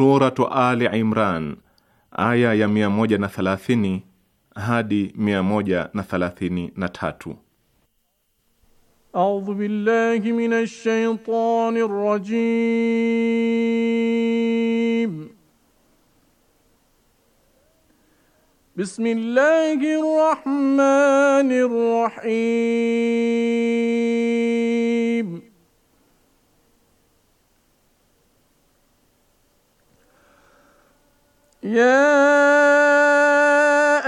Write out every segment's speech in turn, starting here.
Suratu Ali Imran aya ya 130 hadi 133. A'udhu billahi minash shaitani rrajim. Bismillahir rahmanir rahim يا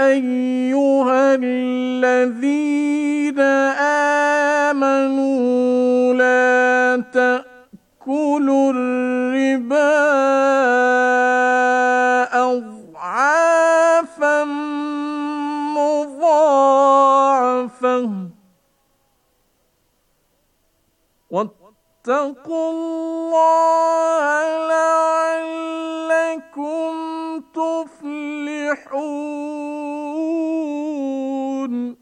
أيها الذين آمنوا لا تأكلوا الربا أضعافا مضاعفا واتقوا الله تفلحون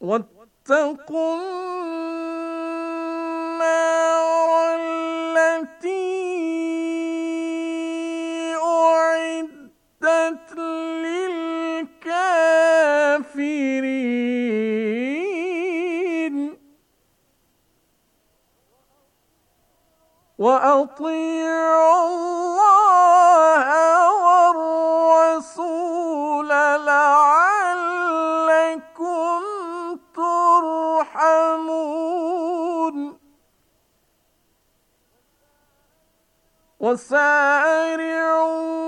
واتقوا النار التي أعدت للكافرين وأطيعوا وسارعوا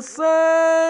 الصالحين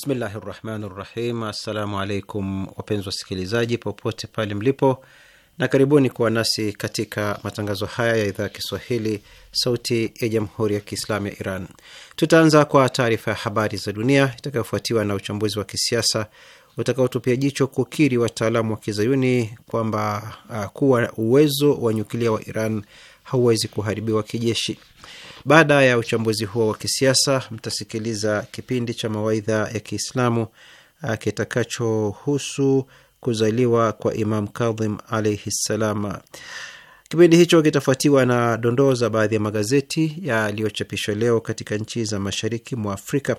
Bismillahi rahmani rahim. Assalamu alaikum wapenzi wasikilizaji popote pale mlipo, na karibuni kuwa nasi katika matangazo haya ya idhaa ya Kiswahili sauti ya jamhuri ya Kiislamu ya Iran. Tutaanza kwa taarifa ya habari za dunia itakayofuatiwa na uchambuzi wa kisiasa utakaotupia jicho kukiri wataalamu wa kizayuni kwamba uh, kuwa uwezo wa nyukilia wa Iran hauwezi kuharibiwa kijeshi. Baada ya uchambuzi huo wa kisiasa, mtasikiliza kipindi cha mawaidha ya Kiislamu uh, kitakachohusu kuzaliwa kwa Imam Kadhim alaihi ssalam. Kipindi hicho kitafuatiwa na dondoo za baadhi ya magazeti yaliyochapishwa leo katika nchi za mashariki mwa Afrika.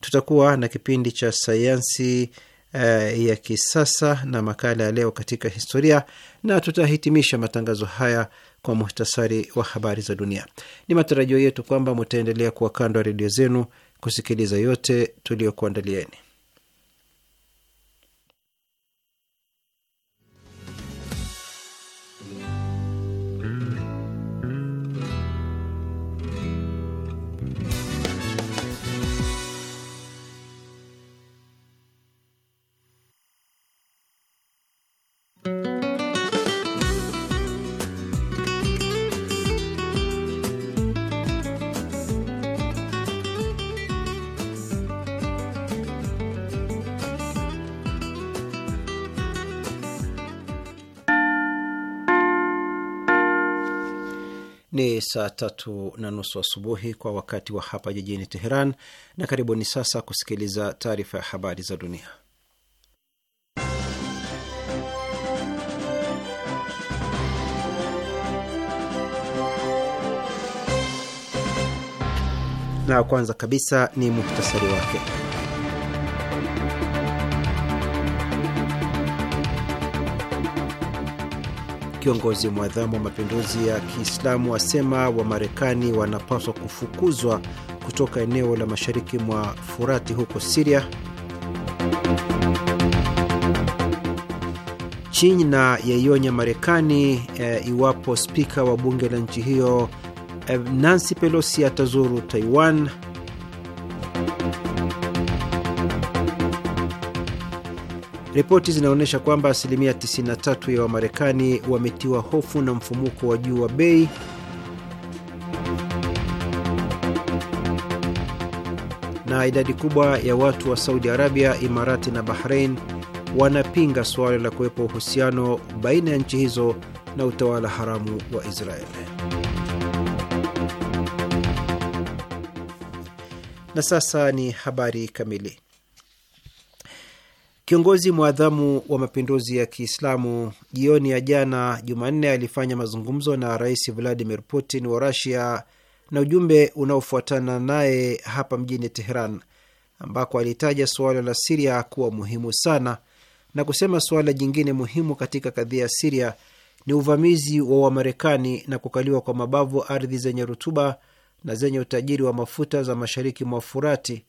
Tutakuwa na kipindi cha sayansi eh, ya kisasa na makala ya leo katika historia, na tutahitimisha matangazo haya kwa muhtasari wa habari za dunia. Ni matarajio yetu kwamba mutaendelea kuwa kando ya redio zenu kusikiliza yote tuliyokuandalieni. Ni saa tatu na nusu asubuhi kwa wakati wa hapa jijini Teheran, na karibuni sasa kusikiliza taarifa ya habari za dunia. Na kwanza kabisa ni muhtasari wake. Kiongozi mwadhamu wa mapinduzi ya Kiislamu asema Wamarekani wanapaswa kufukuzwa kutoka eneo la mashariki mwa Furati huko Siria. China yaionya Marekani e, iwapo spika wa bunge la nchi hiyo e, Nancy Pelosi atazuru Taiwan. Ripoti zinaonyesha kwamba asilimia 93 ya Wamarekani wametiwa hofu na mfumuko wa juu wa bei. Na idadi kubwa ya watu wa Saudi Arabia, Imarati na Bahrain wanapinga suala la kuwepo uhusiano baina ya nchi hizo na utawala haramu wa Israeli. Na sasa ni habari kamili. Kiongozi mwadhamu wa mapinduzi ya Kiislamu jioni ya jana Jumanne alifanya mazungumzo na Rais Vladimir Putin wa Rusia na ujumbe unaofuatana naye hapa mjini Teheran, ambako alitaja suala la Siria kuwa muhimu sana na kusema suala jingine muhimu katika kadhia ya Siria ni uvamizi wa Wamarekani na kukaliwa kwa mabavu ardhi zenye rutuba na zenye utajiri wa mafuta za mashariki mwa Furati,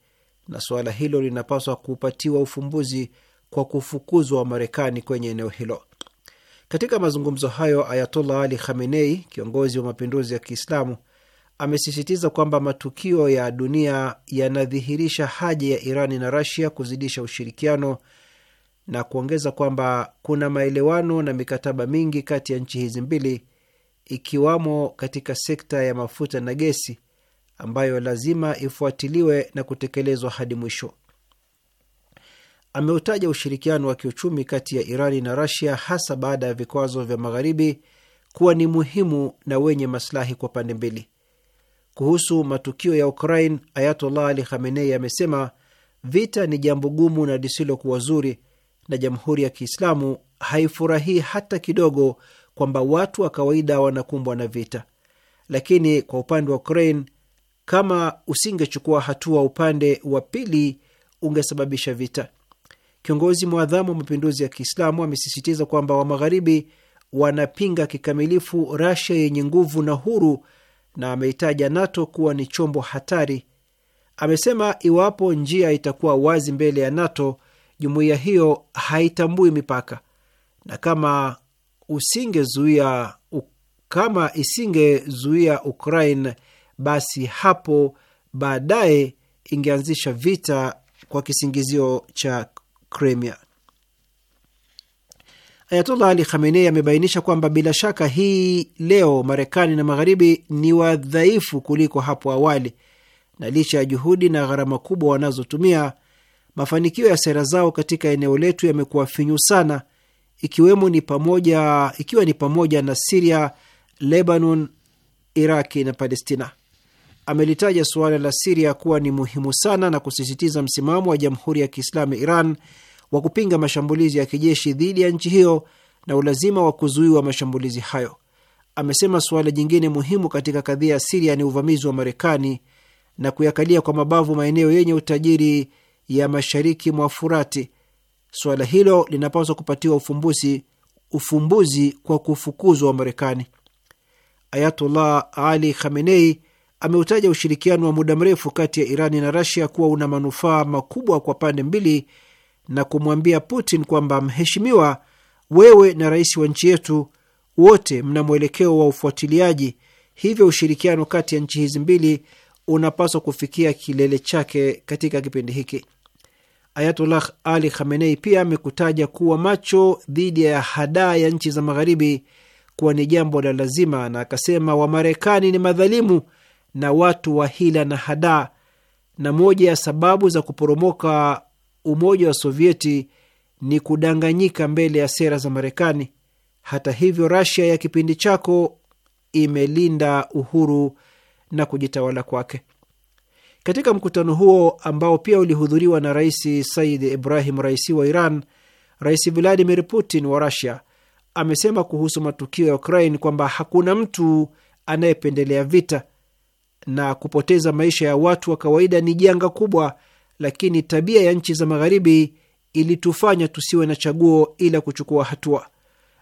na suala hilo linapaswa kupatiwa ufumbuzi kwa kufukuzwa Wamarekani kwenye eneo hilo. Katika mazungumzo hayo, Ayatollah Ali Khamenei, kiongozi wa mapinduzi ya Kiislamu, amesisitiza kwamba matukio ya dunia yanadhihirisha haja ya Irani na Rasia kuzidisha ushirikiano na kuongeza kwamba kuna maelewano na mikataba mingi kati ya nchi hizi mbili, ikiwamo katika sekta ya mafuta na gesi, ambayo lazima ifuatiliwe na kutekelezwa hadi mwisho ameutaja ushirikiano wa kiuchumi kati ya Irani na Rasia, hasa baada ya vikwazo vya Magharibi, kuwa ni muhimu na wenye masilahi kwa pande mbili. Kuhusu matukio ya Ukraine, Ayatollah Ali Khamenei amesema vita ni jambo gumu na lisilokuwa zuri, na Jamhuri ya Kiislamu haifurahii hata kidogo kwamba watu wa kawaida wanakumbwa na vita. Lakini kwa upande wa Ukraine, kama usingechukua hatua, upande wa pili ungesababisha vita. Kiongozi mwadhamu wa mapinduzi ya Kiislamu amesisitiza kwamba wa Magharibi wanapinga kikamilifu Rasia yenye nguvu na huru na ameitaja NATO kuwa ni chombo hatari. Amesema iwapo njia itakuwa wazi mbele ya NATO, jumuiya hiyo haitambui mipaka, na kama usingezuia kama isingezuia Ukraine, basi hapo baadaye ingeanzisha vita kwa kisingizio cha Crimea. Ayatollah Ali Khamenei amebainisha kwamba bila shaka hii leo Marekani na Magharibi ni wadhaifu kuliko hapo awali, na licha ya juhudi na gharama kubwa wanazotumia, mafanikio ya sera zao katika eneo letu yamekuwa finyu sana, ikiwemo ni pamoja, ikiwa ni pamoja na Siria, Lebanon, Iraki na Palestina amelitaja suala la Siria kuwa ni muhimu sana na kusisitiza msimamo wa Jamhuri ya Kiislamu Iran wa kupinga mashambulizi ya kijeshi dhidi ya nchi hiyo na ulazima wa kuzuiwa mashambulizi hayo. Amesema suala jingine muhimu katika kadhia ya Siria ni uvamizi wa Marekani na kuyakalia kwa mabavu maeneo yenye utajiri ya mashariki mwa Furati. Suala hilo linapaswa kupatiwa ufumbuzi, ufumbuzi kwa kufukuzwa wa Marekani. Ayatullah Ali Khamenei ameutaja ushirikiano wa muda mrefu kati ya Irani na Rasia kuwa una manufaa makubwa kwa pande mbili na kumwambia Putin kwamba mheshimiwa, wewe na rais wa nchi yetu wote mna mwelekeo wa ufuatiliaji, hivyo ushirikiano kati ya nchi hizi mbili unapaswa kufikia kilele chake katika kipindi hiki. Ayatullah Ali Khamenei pia amekutaja kuwa macho dhidi ya hadaa ya nchi za magharibi kuwa ni jambo la lazima, na akasema Wamarekani ni madhalimu na watu wa hila na hadaa, na moja ya sababu za kuporomoka umoja wa Sovieti ni kudanganyika mbele ya sera za Marekani. Hata hivyo, Rasia ya kipindi chako imelinda uhuru na kujitawala kwake. Katika mkutano huo ambao pia ulihudhuriwa na Rais Said Ibrahim Raisi wa Iran, Rais Vladimir Putin wa Rasia amesema kuhusu matukio ya Ukraine kwamba hakuna mtu anayependelea vita na kupoteza maisha ya watu wa kawaida ni janga kubwa, lakini tabia ya nchi za magharibi ilitufanya tusiwe na chaguo ila kuchukua hatua.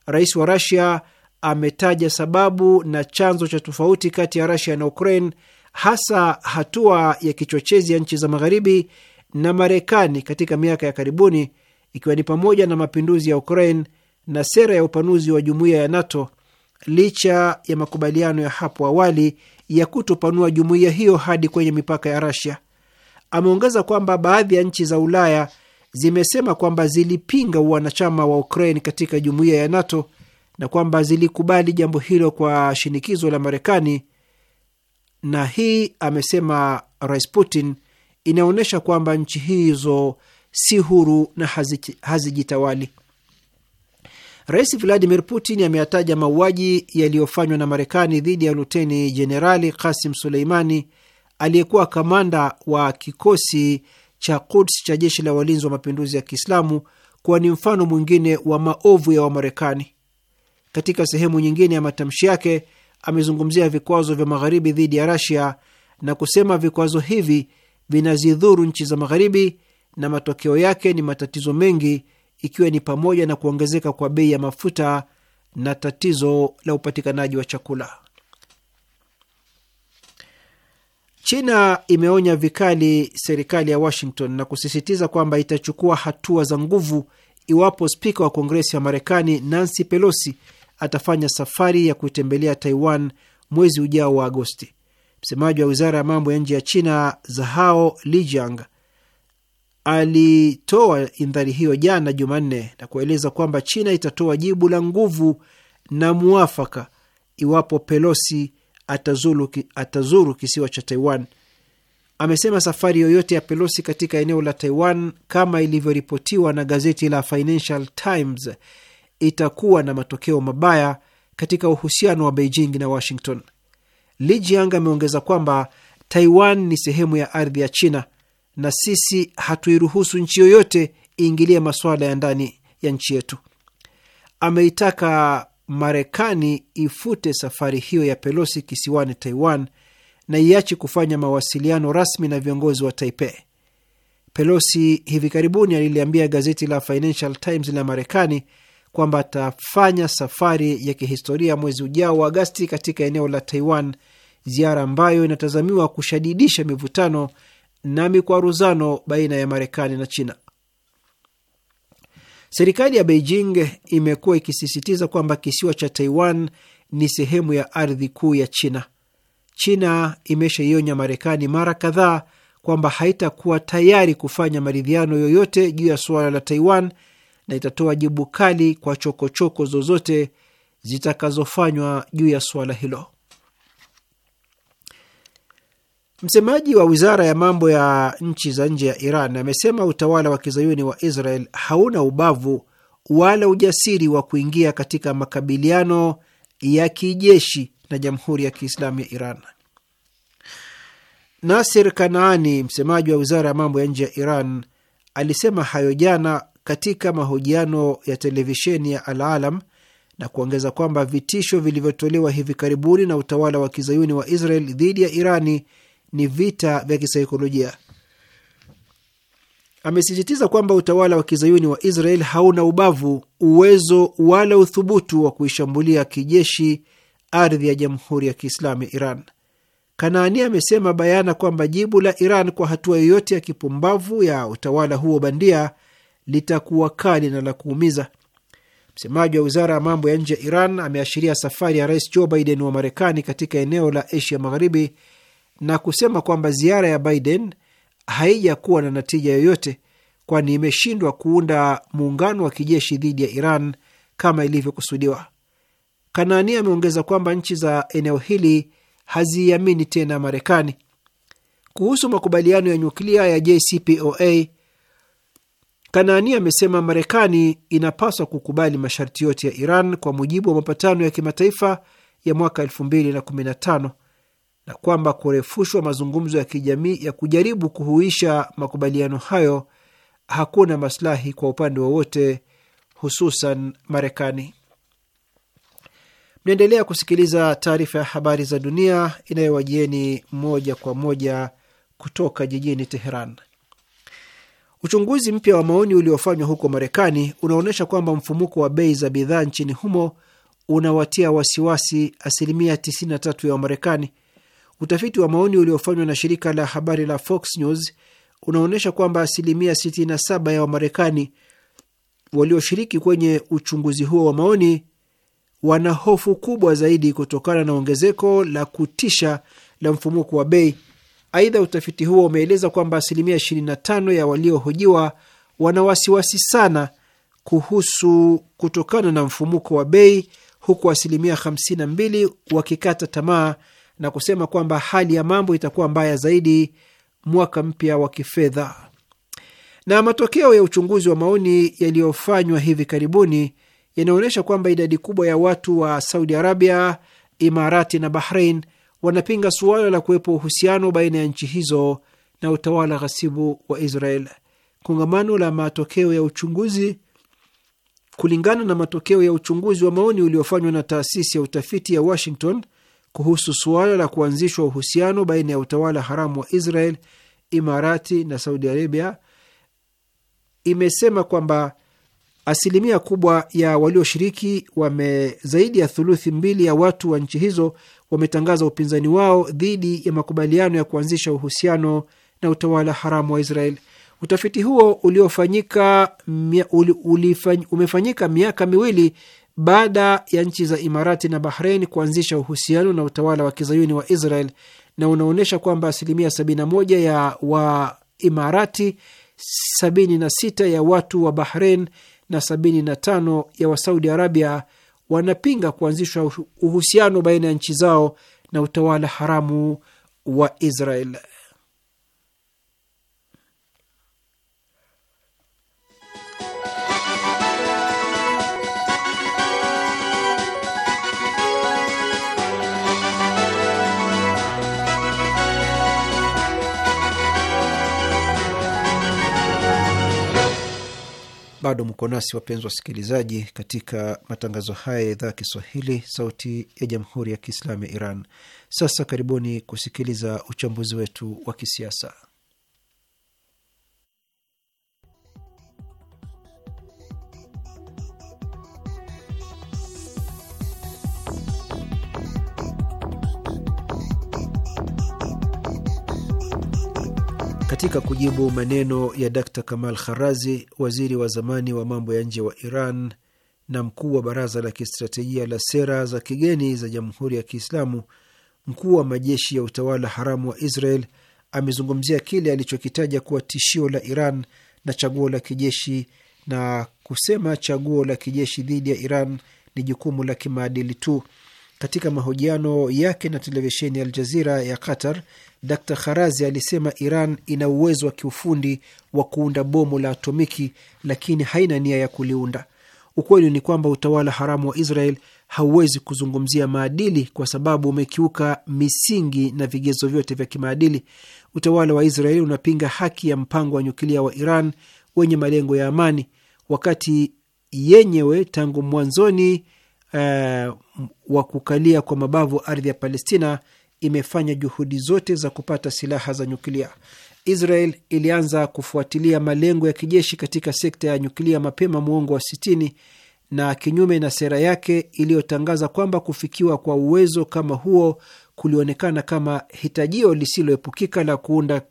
Rais wa Rasia ametaja sababu na chanzo cha tofauti kati ya Rasia na Ukraine, hasa hatua ya kichochezi ya nchi za magharibi na Marekani katika miaka ya karibuni, ikiwa ni pamoja na mapinduzi ya Ukraine na sera ya upanuzi wa jumuiya ya NATO licha ya makubaliano ya hapo awali ya kutopanua jumuiya hiyo hadi kwenye mipaka ya rasia Ameongeza kwamba baadhi ya nchi za Ulaya zimesema kwamba zilipinga uwanachama wa Ukraine katika jumuiya ya NATO na kwamba zilikubali jambo hilo kwa shinikizo la Marekani, na hii, amesema Rais Putin, inaonyesha kwamba nchi hizo si huru na hazijitawali. Rais Vladimir Putin ameyataja mauaji yaliyofanywa na Marekani dhidi ya luteni jenerali Kasim Suleimani aliyekuwa kamanda wa kikosi cha Quds cha jeshi la walinzi wa mapinduzi ya Kiislamu kuwa ni mfano mwingine wa maovu ya Wamarekani. Katika sehemu nyingine ya matamshi yake amezungumzia vikwazo vya Magharibi dhidi ya Rasia na kusema vikwazo hivi vinazidhuru nchi za Magharibi na matokeo yake ni matatizo mengi ikiwa ni pamoja na kuongezeka kwa bei ya mafuta na tatizo la upatikanaji wa chakula. China imeonya vikali serikali ya Washington na kusisitiza kwamba itachukua hatua za nguvu iwapo spika wa Kongresi ya Marekani Nancy Pelosi atafanya safari ya kuitembelea Taiwan mwezi ujao wa Agosti. Msemaji wa wizara ya mambo ya nje ya China Zahao Lijiang alitoa indhari hiyo jana Jumanne na kueleza kwamba China itatoa jibu la nguvu na muafaka iwapo Pelosi atazuru, atazuru kisiwa cha Taiwan. Amesema safari yoyote ya Pelosi katika eneo la Taiwan, kama ilivyoripotiwa na gazeti la Financial Times, itakuwa na matokeo mabaya katika uhusiano wa Beijing na Washington. Li Jiang ameongeza kwamba Taiwan ni sehemu ya ardhi ya China na sisi hatuiruhusu nchi yoyote iingilie masuala ya ndani ya nchi yetu. Ameitaka Marekani ifute safari hiyo ya Pelosi kisiwani Taiwan na iache kufanya mawasiliano rasmi na viongozi wa Taipei. Pelosi hivi karibuni aliliambia gazeti la Financial Times la Marekani kwamba atafanya safari ya kihistoria mwezi ujao wa Agasti katika eneo la Taiwan, ziara ambayo inatazamiwa kushadidisha mivutano na mikwaruzano baina ya Marekani na China. Serikali ya Beijing imekuwa ikisisitiza kwamba kisiwa cha Taiwan ni sehemu ya ardhi kuu ya China. China imeshaionya Marekani mara kadhaa kwamba haitakuwa tayari kufanya maridhiano yoyote juu ya suala la Taiwan na itatoa jibu kali kwa chokochoko choko zozote zitakazofanywa juu ya suala hilo. Msemaji wa wizara ya mambo ya nchi za nje ya Iran amesema utawala wa kizayuni wa Israel hauna ubavu wala ujasiri wa kuingia katika makabiliano ya kijeshi na jamhuri ya kiislamu ya Iran. Nasir Kanaani, msemaji wa wizara ya mambo ya nje ya Iran, alisema hayo jana katika mahojiano ya televisheni ya Al Alam na kuongeza kwamba vitisho vilivyotolewa hivi karibuni na utawala wa kizayuni wa Israel dhidi ya Irani ni vita vya kisaikolojia. Amesisitiza kwamba utawala wa kizayuni wa Israel hauna ubavu, uwezo wala uthubutu wa kuishambulia kijeshi ardhi ya Jamhuri ya Kiislamu ya Iran. Kanaani amesema bayana kwamba jibu la Iran kwa hatua yoyote ya kipumbavu ya utawala huo bandia litakuwa kali na la kuumiza. Msemaji wa wizara ya mambo ya nje ya Iran ameashiria safari ya rais Joe Biden wa Marekani katika eneo la Asia Magharibi na kusema kwamba ziara ya Biden haijakuwa na natija yoyote, kwani imeshindwa kuunda muungano wa kijeshi dhidi ya Iran kama ilivyokusudiwa. Kanaani ameongeza kwamba nchi za eneo hili haziamini tena Marekani. Kuhusu makubaliano ya nyuklia ya JCPOA, Kanaani amesema Marekani inapaswa kukubali masharti yote ya Iran kwa mujibu wa mapatano ya kimataifa ya mwaka 2015 na kwamba kurefushwa mazungumzo ya kijamii ya kujaribu kuhuisha makubaliano hayo hakuna maslahi kwa upande wowote, hususan Marekani. Mnaendelea kusikiliza taarifa ya habari za dunia inayowajieni moja kwa moja kutoka jijini Teheran. Uchunguzi mpya wa maoni uliofanywa huko Marekani unaonyesha kwamba mfumuko wa bei za bidhaa nchini humo unawatia wasiwasi asilimia 93 ya Wamarekani Utafiti wa maoni uliofanywa na shirika la habari la Fox News unaonyesha kwamba asilimia 67 ya Wamarekani walioshiriki kwenye uchunguzi huo wa maoni wana hofu kubwa zaidi kutokana na ongezeko la kutisha la mfumuko wa bei. Aidha, utafiti huo umeeleza kwamba asilimia 25 ya waliohojiwa wana wasiwasi sana kuhusu kutokana na mfumuko wa bei, huku asilimia 52 wakikata tamaa na kusema kwamba hali ya mambo itakuwa mbaya zaidi mwaka mpya wa kifedha. Na matokeo ya uchunguzi wa maoni yaliyofanywa hivi karibuni yanaonyesha kwamba idadi kubwa ya watu wa Saudi Arabia, Imarati na Bahrain wanapinga suala la kuwepo uhusiano baina ya nchi hizo na utawala ghasibu wa Israel. Kongamano la matokeo ya uchunguzi kulingana na matokeo ya uchunguzi wa maoni uliofanywa na taasisi ya utafiti ya Washington kuhusu suala la kuanzishwa uhusiano baina ya utawala haramu wa Israel, Imarati na Saudi Arabia imesema kwamba asilimia kubwa ya walioshiriki wame, zaidi ya thuluthi mbili ya watu wa nchi hizo wametangaza upinzani wao dhidi ya makubaliano ya kuanzisha uhusiano na utawala haramu wa Israel. Utafiti huo uliofanyika, uli, ulifany, umefanyika miaka miwili baada ya nchi za Imarati na Bahrein kuanzisha uhusiano na utawala wa kizayuni wa Israel na unaonyesha kwamba asilimia 71 ya Waimarati, 76 ya watu wa Bahrein na 75 ya wasaudi Arabia wanapinga kuanzishwa uhusiano baina ya nchi zao na utawala haramu wa Israel. Bado mko nasi wapenzi wasikilizaji, katika matangazo haya ya idhaa ya Kiswahili, sauti ya jamhuri ya kiislamu ya Iran. Sasa karibuni kusikiliza uchambuzi wetu wa kisiasa. Katika kujibu maneno ya dr Kamal Kharazi, waziri wa zamani wa mambo ya nje wa Iran na mkuu wa baraza la kistratejia la sera za kigeni za Jamhuri ya Kiislamu, mkuu wa majeshi ya utawala haramu wa Israel amezungumzia kile alichokitaja kuwa tishio la Iran na chaguo la kijeshi na kusema chaguo la kijeshi dhidi ya Iran ni jukumu la kimaadili tu katika mahojiano yake na televisheni ya Aljazira ya Qatar, Dr Kharazi alisema Iran ina uwezo wa kiufundi wa kuunda bomu la atomiki, lakini haina nia ya kuliunda. Ukweli ni kwamba utawala haramu wa Israel hauwezi kuzungumzia maadili kwa sababu umekiuka misingi na vigezo vyote vya kimaadili. Utawala wa Israel unapinga haki ya mpango wa nyukilia wa Iran wenye malengo ya amani, wakati yenyewe tangu mwanzoni uh, wa kukalia kwa mabavu ardhi ya Palestina imefanya juhudi zote za kupata silaha za nyuklia. Israel ilianza kufuatilia malengo ya kijeshi katika sekta ya nyuklia mapema muongo wa sitini, na kinyume na sera yake iliyotangaza kwamba kufikiwa kwa uwezo kama huo kulionekana kama hitajio lisiloepukika la kuunda,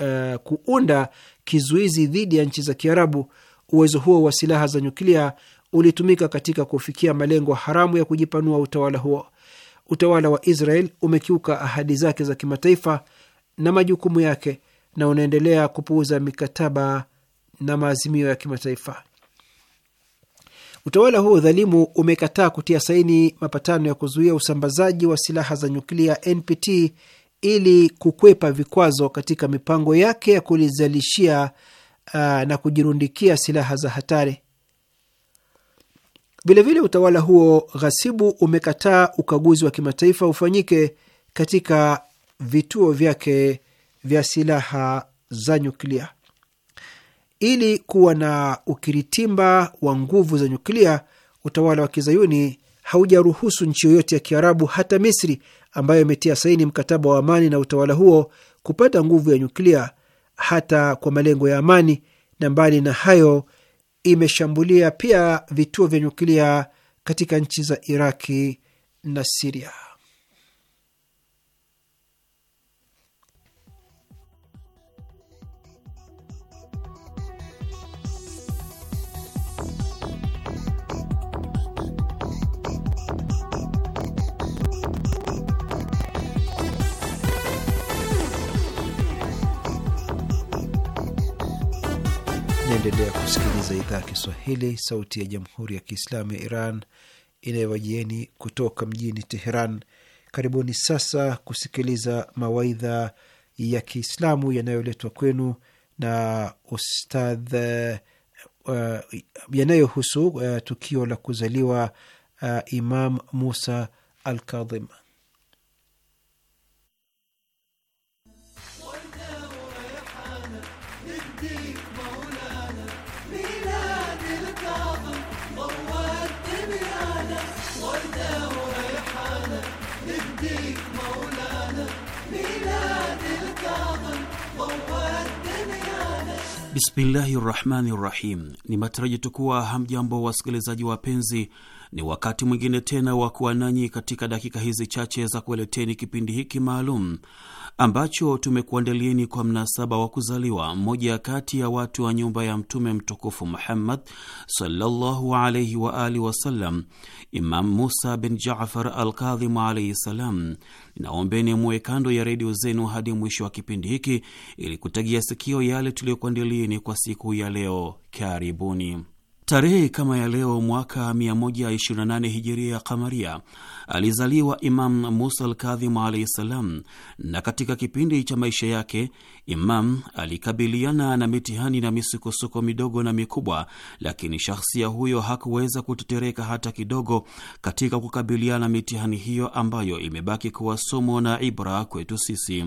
uh, kuunda kizuizi dhidi ya nchi za Kiarabu. Uwezo huo wa silaha za nyuklia ulitumika katika kufikia malengo haramu ya kujipanua utawala huo. Utawala wa Israel umekiuka ahadi zake za kimataifa na majukumu yake na unaendelea kupuuza mikataba na maazimio ya kimataifa. Utawala huo dhalimu umekataa kutia saini mapatano ya kuzuia usambazaji wa silaha za nyuklia NPT ili kukwepa vikwazo katika mipango yake ya kulizalishia uh, na kujirundikia silaha za hatari. Vilevile utawala huo ghasibu umekataa ukaguzi wa kimataifa ufanyike katika vituo vyake vya silaha za nyuklia. Ili kuwa na ukiritimba wa nguvu za nyuklia, utawala wa kizayuni haujaruhusu nchi yoyote ya Kiarabu, hata Misri ambayo imetia saini mkataba wa amani na utawala huo, kupata nguvu ya nyuklia hata kwa malengo ya amani, na mbali na hayo imeshambulia pia vituo vya nyuklia katika nchi za Iraki na Siria. Mnaendelea kusikiliza idhaa ya Kiswahili, sauti ya jamhuri ya kiislamu ya Iran inayowajieni kutoka mjini Teheran. Karibuni sasa kusikiliza mawaidha ya Kiislamu yanayoletwa kwenu na ustadh uh, yanayohusu uh, tukio la kuzaliwa uh, Imam Musa al Bismillahi rahmani rahim. Ni matarajio kuwa hamjambo, wasikilizaji wapenzi. Ni wakati mwingine tena wa kuwa nanyi katika dakika hizi chache za kueleteni kipindi hiki maalum ambacho tumekuandalieni kwa mnasaba wa kuzaliwa mmoja kati ya watu wa nyumba ya Mtume mtukufu Muhammad sallallahu alaihi wa alihi wasallam, Imam Musa bin Jafar al Kadhimu alaihi salam. Naombeni muwe kando ya redio zenu hadi mwisho wa kipindi hiki ili kutagia sikio yale tuliyokuandalieni kwa siku ya leo. Karibuni. Tarehe kama ya leo mwaka 128 hijiria ya kamaria alizaliwa Imam Musa Alkadhim alaihi ssalam, na katika kipindi cha maisha yake Imam alikabiliana na mitihani na misukosuko midogo na mikubwa, lakini shahsia huyo hakuweza kutetereka hata kidogo katika kukabiliana mitihani hiyo ambayo imebaki kuwa somo na ibra kwetu sisi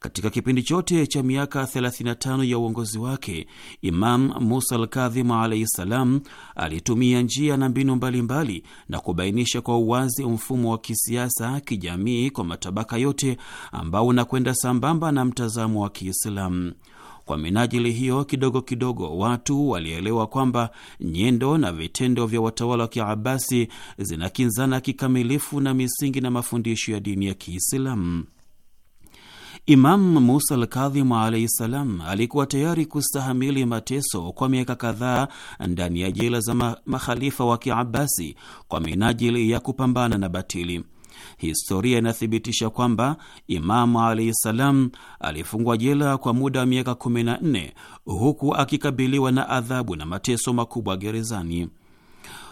Katika kipindi chote cha miaka 35 ya uongozi wake, Imam Musa al alaihi salam alitumia njia na mbinu mbalimbali na kubainisha kwa uwazi mfumo wa kisiasa, kijamii kwa matabaka yote ambao unakwenda sambamba na mtazamo wa Kiislamu. Kwa minajili hiyo, kidogo kidogo watu walielewa kwamba nyendo na vitendo vya watawala wa Kiabasi zinakinzana kikamilifu na misingi na mafundisho ya dini ya Kiislamu. Imam Musa Alkadhimu alaihi salam alikuwa tayari kustahamili mateso kwa miaka kadhaa ndani ya jela za makhalifa wa Kiabasi kwa minajili ya kupambana na batili. Historia inathibitisha kwamba Imamu alaihi salam alifungwa jela kwa muda wa miaka 14 huku akikabiliwa na adhabu na mateso makubwa gerezani.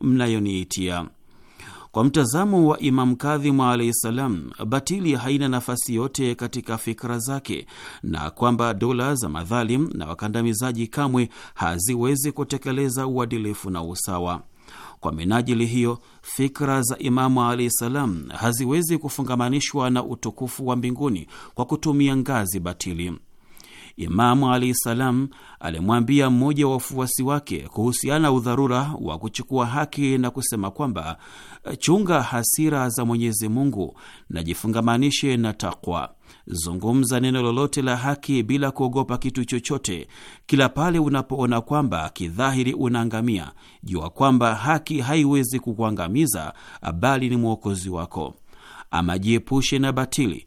mnayoniitia. Kwa mtazamo wa Imamu Kadhimu alaihi ssalam, batili haina nafasi yote katika fikra zake na kwamba dola za madhalim na wakandamizaji kamwe haziwezi kutekeleza uadilifu na usawa. Kwa minajili hiyo, fikra za Imamu alaihi ssalam haziwezi kufungamanishwa na utukufu wa mbinguni kwa kutumia ngazi batili. Imamu alaihi salam alimwambia mmoja wa wafuasi wake kuhusiana na udharura wa kuchukua haki na kusema kwamba chunga hasira za Mwenyezi Mungu na jifungamanishe na takwa. Zungumza neno lolote la haki bila kuogopa kitu chochote. Kila pale unapoona kwamba kidhahiri unaangamia, jua kwamba haki haiwezi kukuangamiza, bali ni mwokozi wako. Ama jiepushe na batili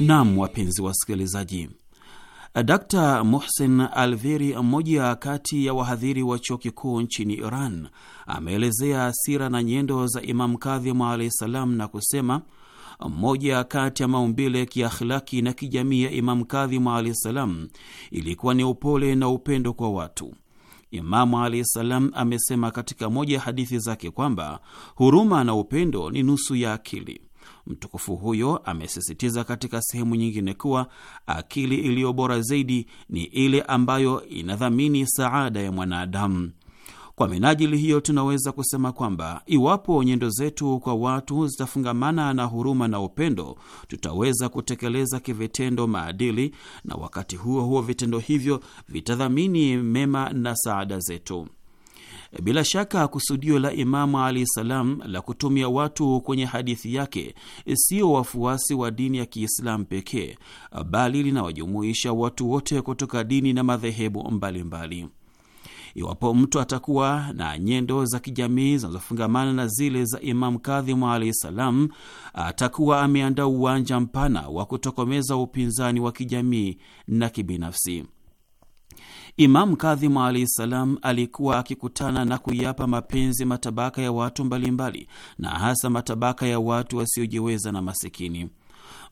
Naam, wapenzi wasikilizaji, Dr Mohsen Alveri, mmoja kati ya wahadhiri wa chuo kikuu nchini Iran, ameelezea sira na nyendo za Imamu Kadhimu alahi salam na kusema mmoja kati ya maumbile ya kiakhlaki na kijamii ya Imamu Kadhimu alahi salam ilikuwa ni upole na upendo kwa watu. Imamu alahi salam amesema katika moja ya hadithi zake kwamba huruma na upendo ni nusu ya akili. Mtukufu huyo amesisitiza katika sehemu nyingine kuwa akili iliyo bora zaidi ni ile ambayo inadhamini saada ya mwanadamu. Kwa minajili hiyo, tunaweza kusema kwamba iwapo nyendo zetu kwa watu zitafungamana na huruma na upendo, tutaweza kutekeleza kivitendo maadili, na wakati huo huo vitendo hivyo vitadhamini mema na saada zetu. Bila shaka kusudio la Imamu alahi salam la kutumia watu kwenye hadithi yake sio wafuasi wa dini ya Kiislamu pekee, bali linawajumuisha watu wote kutoka dini na madhehebu mbalimbali mbali. Iwapo mtu atakuwa na nyendo za kijamii zinazofungamana na zile za Imamu Kadhimu alahi salam, atakuwa ameandaa uwanja mpana wa kutokomeza upinzani wa kijamii na kibinafsi. Imamu Kadhimu alahi salam alikuwa akikutana na kuyapa mapenzi matabaka ya watu mbalimbali na hasa matabaka ya watu wasiojiweza na masikini.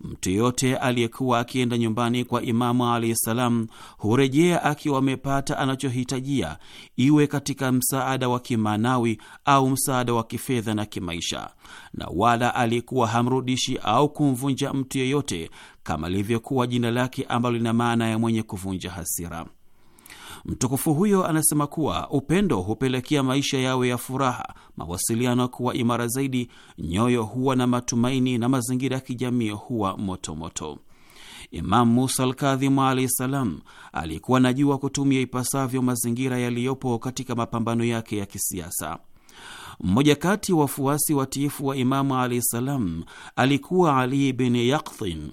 Mtu yote aliyekuwa akienda nyumbani kwa Imamu alahi salam hurejea akiwa amepata anachohitajia, iwe katika msaada wa kimaanawi au msaada wa kifedha na kimaisha, na wala aliyekuwa hamrudishi au kumvunja mtu yeyote, kama lilivyokuwa jina lake ambalo lina maana ya mwenye kuvunja hasira. Mtukufu huyo anasema kuwa upendo hupelekea maisha yawe ya furaha, mawasiliano kuwa imara zaidi, nyoyo huwa na matumaini na mazingira ya kijamii huwa motomoto moto. Imamu Musa Alkadhimu alahi salam alikuwa anajua kutumia ipasavyo mazingira yaliyopo katika mapambano yake ya kisiasa. Mmoja kati wafuasi watiifu wa Imamu alahi salam alikuwa Ali bin Yakdhin.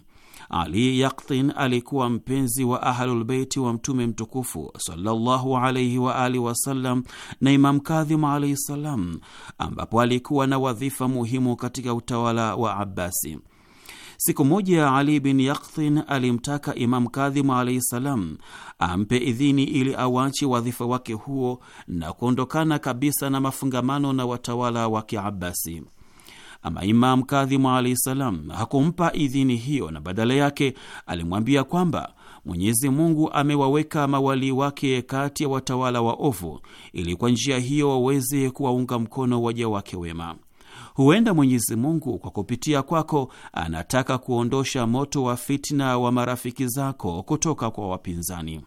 Ali Yaktin alikuwa mpenzi wa Ahlulbeiti wa Mtume mtukufu sallallahu alaihi wa alihi wasallam na Imam Kadhim alaihi salam, ambapo alikuwa na wadhifa muhimu katika utawala wa Abbasi. Siku moja Ali bin Yakthin alimtaka Imam Kadhimu alaihi salam ampe idhini ili awache wadhifa wake huo na kuondokana kabisa na mafungamano na watawala wa Kiabasi. Ama Imam Kadhimu alaihi salam hakumpa idhini hiyo, na badala yake alimwambia kwamba Mwenyezi Mungu amewaweka mawalii wake kati ya watawala waovu, ili kwa njia hiyo waweze kuwaunga mkono waja wake wema. Huenda Mwenyezi Mungu kwa kupitia kwako anataka kuondosha moto wa fitna wa marafiki zako kutoka kwa wapinzani.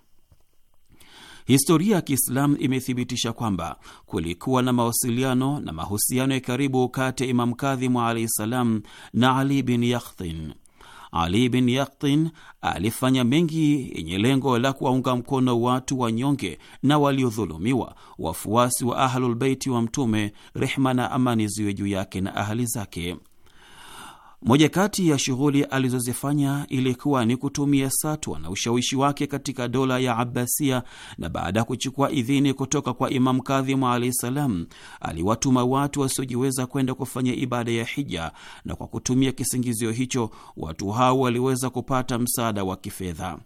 Historia ya Kiislamu imethibitisha kwamba kulikuwa na mawasiliano na mahusiano ya karibu kati ya Imam Kadhimu alaihi salam na Ali bin Yakhtin. Ali bin Yakhtin alifanya mengi yenye lengo la kuwaunga mkono watu wanyonge na waliodhulumiwa, wafuasi wa Ahlulbeiti wa Mtume, rehma na amani ziwe juu yake na ahali zake. Moja kati ya shughuli alizozifanya ilikuwa ni kutumia satwa na ushawishi wake katika dola ya Abbasia, na baada ya kuchukua idhini kutoka kwa Imamu Kadhimu alahi salam, aliwatuma watu wasiojiweza kwenda kufanya ibada ya hija, na kwa kutumia kisingizio hicho watu hao waliweza kupata msaada wa kifedha.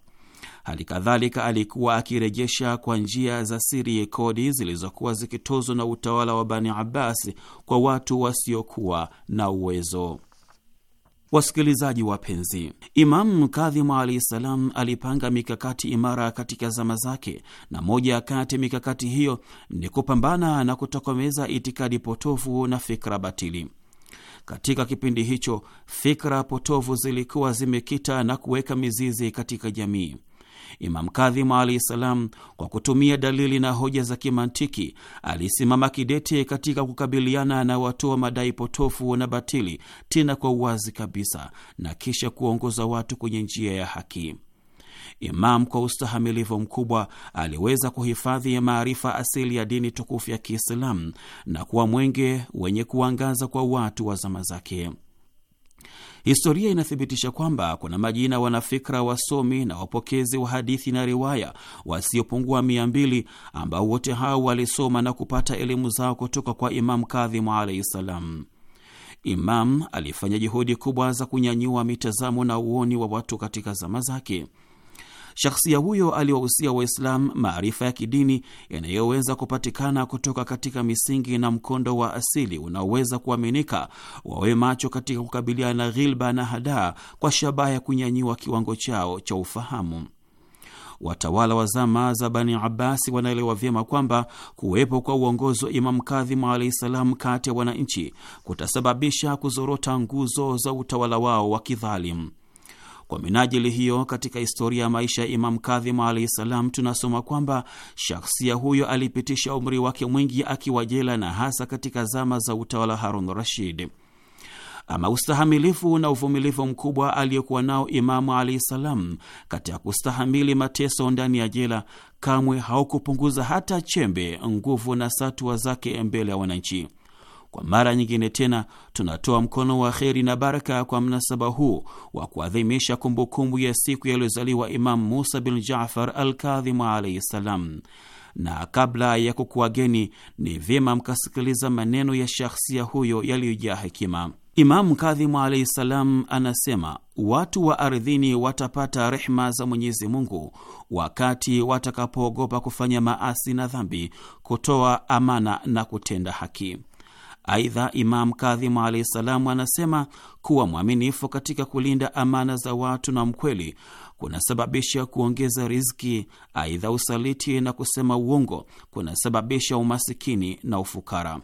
Hali kadhalika alikuwa akirejesha kwa njia za siri kodi zilizokuwa zikitozwa na utawala wa Bani Abbas kwa watu wasiokuwa na uwezo. Wasikilizaji wapenzi, Imamu Kadhimu alahi ssalam alipanga mikakati imara katika zama zake, na moja kati ya mikakati hiyo ni kupambana na kutokomeza itikadi potofu na fikra batili. Katika kipindi hicho, fikra potofu zilikuwa zimekita na kuweka mizizi katika jamii. Imam Kadhimu alahi salam, kwa kutumia dalili na hoja za kimantiki, alisimama kidete katika kukabiliana na watoa madai potofu na batili, tena kwa uwazi kabisa, na kisha kuongoza watu kwenye njia ya haki. Imam kwa ustahamilivu mkubwa aliweza kuhifadhi maarifa asili ya dini tukufu ya Kiislamu na kuwa mwenge wenye kuangaza kwa watu wa zama zake. Historia inathibitisha kwamba kuna majina wanafikra, wasomi na wapokezi wa hadithi na riwaya wasiopungua mia mbili ambao wote hao walisoma na kupata elimu zao kutoka kwa Imam Kadhimu alaihi salam. Imam alifanya juhudi kubwa za kunyanyua mitazamo na uoni wa watu katika zama zake. Shakhsia huyo aliwahusia Waislamu maarifa ya kidini yanayoweza kupatikana kutoka katika misingi na mkondo wa asili unaoweza kuaminika, wawe macho katika kukabiliana na ghilba na hadaa kwa shabaha ya kunyanyiwa kiwango chao cha ufahamu. Watawala wa zama za Bani Abbasi wanaelewa vyema kwamba kuwepo kwa uongozi wa Imamu Kadhimu alahi salam kati ya wananchi kutasababisha kuzorota nguzo za utawala wao wa kidhalimu. Kwa minajili hiyo, katika historia ya maisha ya Imam Kadhimu alahi salam, tunasoma kwamba shakhsia huyo alipitisha umri wake mwingi akiwa jela na hasa katika zama za utawala Harun Rashid. Ama ustahamilifu na uvumilivu mkubwa aliyekuwa nao Imamu alahi salam katika kustahamili mateso ndani ya jela kamwe haukupunguza hata chembe nguvu na satua zake mbele ya wananchi. Kwa mara nyingine tena tunatoa mkono wa kheri na baraka kwa mnasaba huu wa kuadhimisha kumbukumbu ya siku yaliyozaliwa Imamu Musa bin Jafar al Kadhimu alaihi ssalam. Na kabla ya kukuwageni, ni vyema mkasikiliza maneno ya shakhsia huyo yaliyojaa hekima. Imamu Kadhimu alaihi ssalam anasema watu wa ardhini watapata rehma za Mwenyezi Mungu wakati watakapoogopa kufanya maasi na dhambi, kutoa amana na kutenda haki. Aidha, Imam Kadhimu alahi salamu anasema kuwa mwaminifu katika kulinda amana za watu na mkweli kunasababisha kuongeza riziki. Aidha, usaliti na kusema uongo kunasababisha umasikini na ufukara.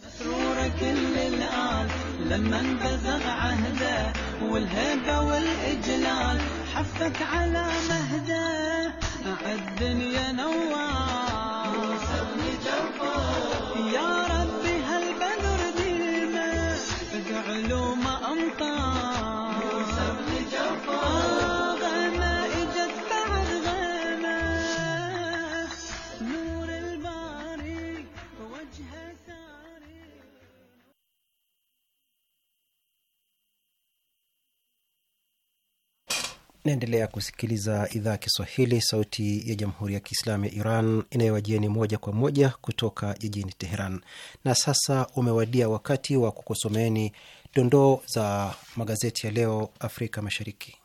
Naendelea kusikiliza idhaa ya Kiswahili, sauti ya jamhuri ya kiislamu ya Iran inayowajieni moja kwa moja kutoka jijini Teheran. Na sasa umewadia wakati wa kukusomeeni dondoo za magazeti ya leo Afrika Mashariki.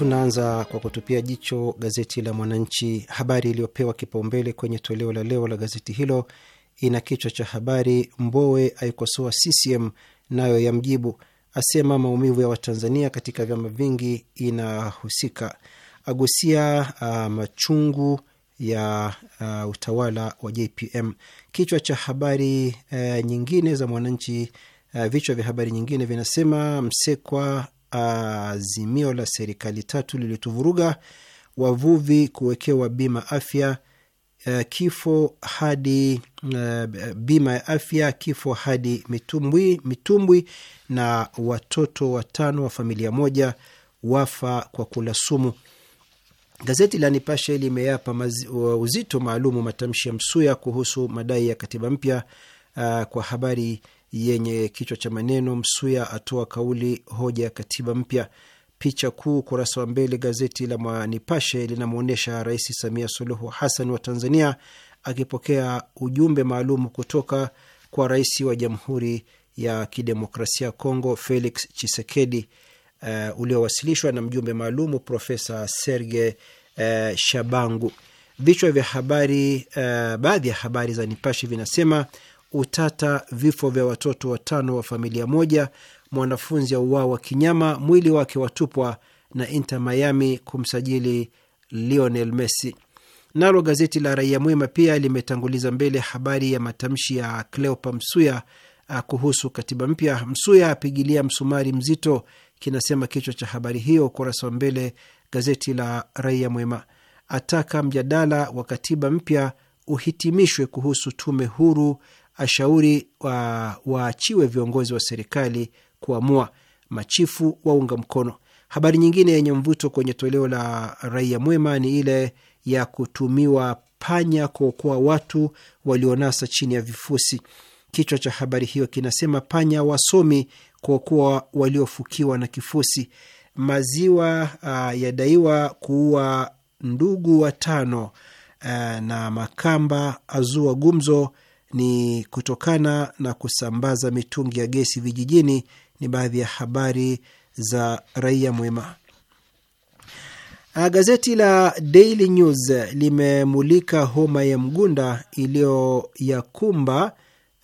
Tunaanza kwa kutupia jicho gazeti la Mwananchi. Habari iliyopewa kipaumbele kwenye toleo la leo la gazeti hilo ina kichwa cha habari, Mbowe aikosoa CCM nayo ya mjibu asema maumivu ya Watanzania katika vyama vingi inahusika, agusia uh, machungu ya uh, utawala wa JPM. Kichwa cha habari uh, nyingine za Mwananchi uh, vichwa vya habari nyingine vinasema Msekwa azimio la serikali tatu lilituvuruga, wavuvi kuwekewa bima afya Uh, kifo hadi uh, bima ya afya kifo hadi mitumbwi, mitumbwi na watoto watano wa familia moja wafa kwa kula sumu. Gazeti la Nipashe limeyapa uzito maalumu matamshi ya Msuya kuhusu madai ya katiba mpya uh, kwa habari yenye kichwa cha maneno Msuya atoa kauli hoja ya katiba mpya. Picha kuu ukurasa wa mbele gazeti la Mwanipashe linamwonyesha Rais Samia Suluhu Hassan wa Tanzania akipokea ujumbe maalum kutoka kwa rais wa Jamhuri ya Kidemokrasia Kongo Felix Chisekedi uh, uliowasilishwa na mjumbe maalumu Profesa Serge uh, Shabangu. Vichwa vya habari, uh, baadhi ya habari za Nipashe vinasema utata vifo vya watoto watano wa familia moja, mwanafunzi auawa kinyama, mwili wake watupwa, na Inter Miami kumsajili Lionel Messi. Nalo gazeti la Raia Mwema pia limetanguliza mbele habari ya matamshi ya Cleopa Msuya ah, kuhusu katiba mpya. Msuya apigilia msumari mzito, kinasema kichwa cha habari hiyo ukurasa wa mbele gazeti la Raia Mwema. Ataka mjadala wa katiba mpya uhitimishwe kuhusu tume huru, ashauri waachiwe viongozi wa serikali kuamua, machifu waunga mkono. Habari nyingine yenye mvuto kwenye toleo la Raia Mwema ni ile ya kutumiwa panya kuokoa watu walionasa chini ya vifusi. Kichwa cha habari hiyo kinasema panya wasomi kuokoa waliofukiwa na kifusi. Maziwa uh, yadaiwa kuua ndugu watano Eh, na Makamba azua gumzo ni kutokana na kusambaza mitungi ya gesi vijijini, ni baadhi ya habari za Raia Mwema. Eh, gazeti la Daily News limemulika homa ya mgunda iliyoyakumba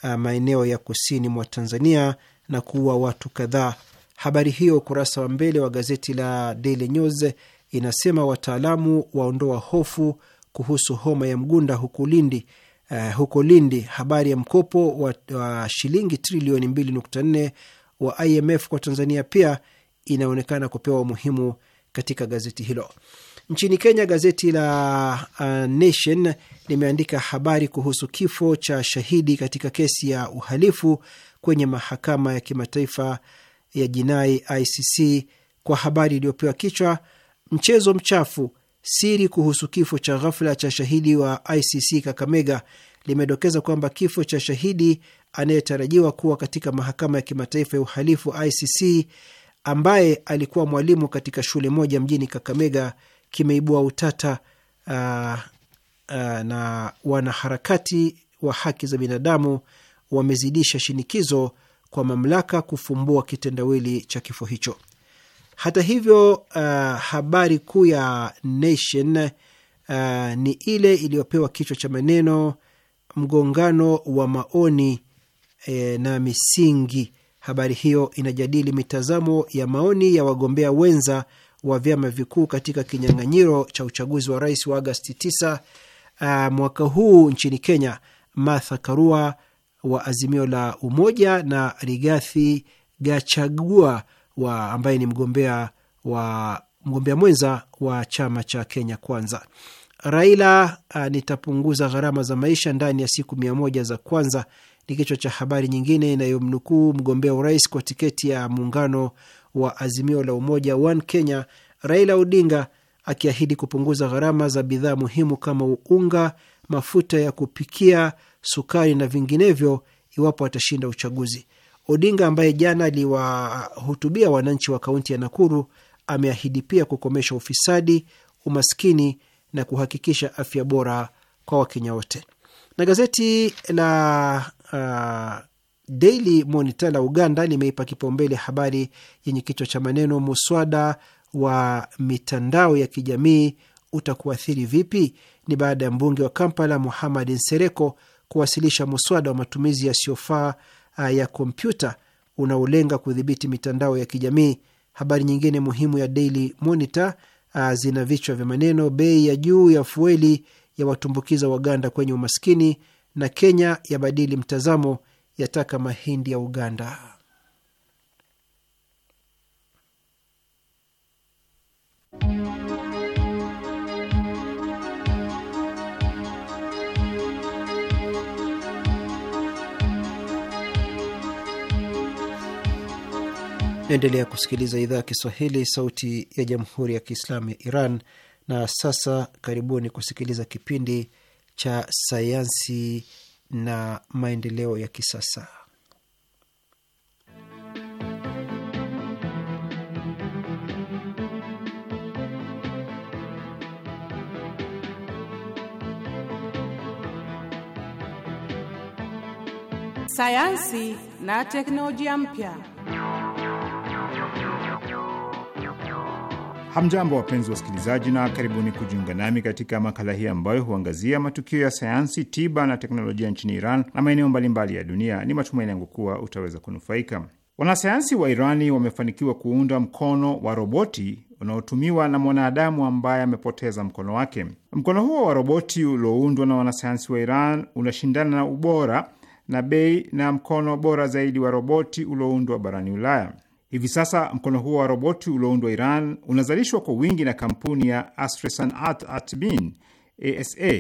eh, maeneo ya kusini mwa Tanzania na kuua watu kadhaa. Habari hiyo ukurasa wa mbele wa gazeti la Daily News inasema wataalamu waondoa hofu kuhusu homa ya mgunda huko Lindi, uh, huko Lindi, habari ya mkopo wa, wa shilingi trilioni 2.4 wa IMF kwa Tanzania pia inaonekana kupewa umuhimu katika gazeti hilo. Nchini Kenya, gazeti la uh, Nation limeandika habari kuhusu kifo cha shahidi katika kesi ya uhalifu kwenye mahakama ya kimataifa ya jinai ICC, kwa habari iliyopewa kichwa mchezo mchafu siri kuhusu kifo cha ghafla cha shahidi wa ICC Kakamega limedokeza kwamba kifo cha shahidi anayetarajiwa kuwa katika mahakama ya kimataifa ya uhalifu ICC ambaye alikuwa mwalimu katika shule moja mjini Kakamega kimeibua utata uh, uh, na wanaharakati wa haki za binadamu wamezidisha shinikizo kwa mamlaka kufumbua kitendawili cha kifo hicho. Hata hivyo, uh, habari kuu ya Nation uh, ni ile iliyopewa kichwa cha maneno mgongano wa maoni eh, na misingi. Habari hiyo inajadili mitazamo ya maoni ya wagombea wenza wa vyama vikuu katika kinyang'anyiro cha uchaguzi wa rais wa Agasti 9 uh, mwaka huu nchini Kenya, Martha Karua wa Azimio la Umoja na Rigathi Gachagua wa ambaye ni mgombea wa mgombea mwenza wa chama cha Kenya Kwanza. Raila a, ah, nitapunguza gharama za maisha ndani ya siku mia moja za kwanza ni kichwa cha habari nyingine inayomnukuu mgombea urais kwa tiketi ya muungano wa Azimio la Umoja One Kenya, Raila Odinga akiahidi kupunguza gharama za bidhaa muhimu kama unga, mafuta ya kupikia, sukari na vinginevyo iwapo atashinda uchaguzi. Odinga ambaye jana aliwahutubia wananchi wa kaunti ya Nakuru ameahidi pia kukomesha ufisadi, umaskini na kuhakikisha afya bora kwa Wakenya wote. Na gazeti la uh, Daily Monitor la Uganda limeipa kipaumbele habari yenye kichwa cha maneno muswada wa mitandao ya kijamii utakuathiri vipi? Ni baada ya mbunge wa Kampala Muhammad Nsereko kuwasilisha muswada wa matumizi yasiyofaa ya kompyuta unaolenga kudhibiti mitandao ya kijamii. Habari nyingine muhimu ya Daily Monitor uh, zina vichwa vya maneno: bei ya juu ya fueli ya watumbukiza Waganda kwenye umaskini, na Kenya yabadili mtazamo, yataka mahindi ya Uganda. Naendelea kusikiliza idhaa ya Kiswahili, sauti ya jamhuri ya kiislamu ya Iran. Na sasa karibuni kusikiliza kipindi cha sayansi na maendeleo ya kisasa. Sayansi na teknolojia mpya. Hamjambo, wapenzi wasikilizaji, na karibuni kujiunga nami katika makala hii ambayo huangazia matukio ya sayansi, tiba na teknolojia nchini Iran na maeneo mbalimbali ya dunia. Ni matumaini yangu kuwa utaweza kunufaika. Wanasayansi wa Irani wamefanikiwa kuunda mkono wa roboti unaotumiwa na mwanadamu ambaye amepoteza mkono wake. Mkono huo wa roboti ulioundwa na wanasayansi wa Iran unashindana na ubora na bei na mkono bora zaidi wa roboti ulioundwa barani Ulaya. Hivi sasa mkono huo wa roboti ulioundwa Iran unazalishwa kwa wingi na kampuni ya Astresanat Atbin Asa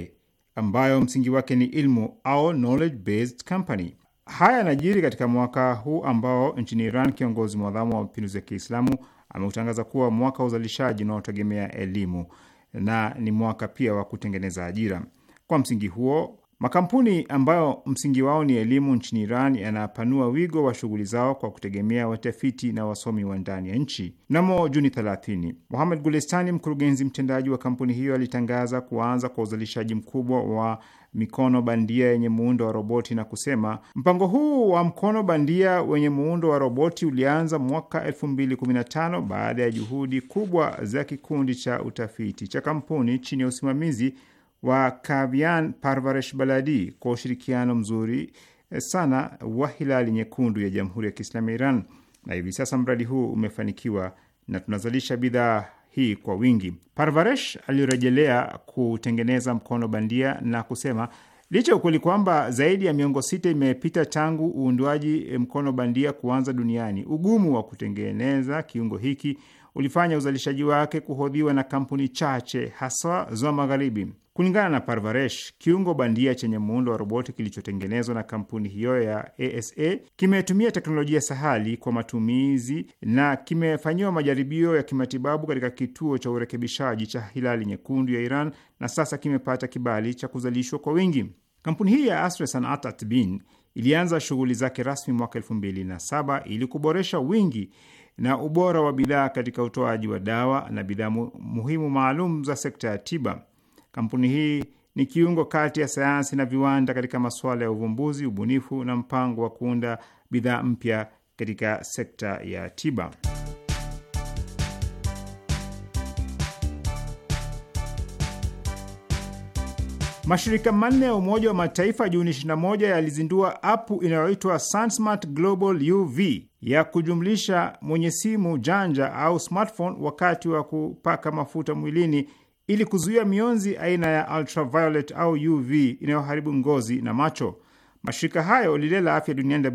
ambayo msingi wake ni ilmu au knowledge based company. Haya yanajiri katika mwaka huu ambao nchini Iran kiongozi mwadhamu wa mapinduzi ya Kiislamu ameutangaza kuwa mwaka wa uzalishaji unaotegemea elimu na ni mwaka pia wa kutengeneza ajira. Kwa msingi huo Makampuni ambayo msingi wao ni elimu nchini Iran yanapanua wigo wa shughuli zao kwa kutegemea watafiti na wasomi wa ndani ya nchi. Mnamo Juni 30, muhamed Gulestani, mkurugenzi mtendaji wa kampuni hiyo, alitangaza kuanza kwa uzalishaji mkubwa wa mikono bandia yenye muundo wa roboti na kusema, mpango huu wa mkono bandia wenye muundo wa roboti ulianza mwaka 2015 baada ya juhudi kubwa za kikundi cha utafiti cha kampuni chini ya usimamizi wa Kavian Parvaresh Baladi kwa ushirikiano mzuri eh, sana wa Hilali Nyekundu ya Jamhuri ya Kiislamu ya Iran, na hivi sasa mradi huu umefanikiwa na tunazalisha bidhaa hii kwa wingi. Parvaresh alirejelea kutengeneza mkono bandia na kusema licha ya ukweli kwamba zaidi ya miongo sita imepita tangu uundwaji eh, mkono bandia kuanza duniani, ugumu wa kutengeneza kiungo hiki ulifanya uzalishaji wake kuhodhiwa na kampuni chache hasa za Magharibi. Kulingana na Parvaresh, kiungo bandia chenye muundo wa roboti kilichotengenezwa na kampuni hiyo ya ASA kimetumia teknolojia sahali kwa matumizi na kimefanyiwa majaribio ya kimatibabu katika kituo cha urekebishaji cha Hilali Nyekundu ya Iran na sasa kimepata kibali cha kuzalishwa kwa wingi. Kampuni hii ya Asre Sanat Atbin ilianza shughuli zake rasmi mwaka elfu mbili na saba ili kuboresha wingi na ubora wa bidhaa katika utoaji wa dawa na bidhaa muhimu maalum za sekta ya tiba. Kampuni hii ni kiungo kati ya sayansi na viwanda katika masuala ya uvumbuzi, ubunifu na mpango wa kuunda bidhaa mpya katika sekta ya tiba. Mashirika manne ya Umoja wa Mataifa Juni 21 yalizindua apu inayoitwa SunSmart Global UV ya kujumlisha mwenye simu janja au smartphone wakati wa kupaka mafuta mwilini ili kuzuia mionzi aina ya ultraviolet au UV inayoharibu ngozi na macho. Mashirika hayo lile la afya duniani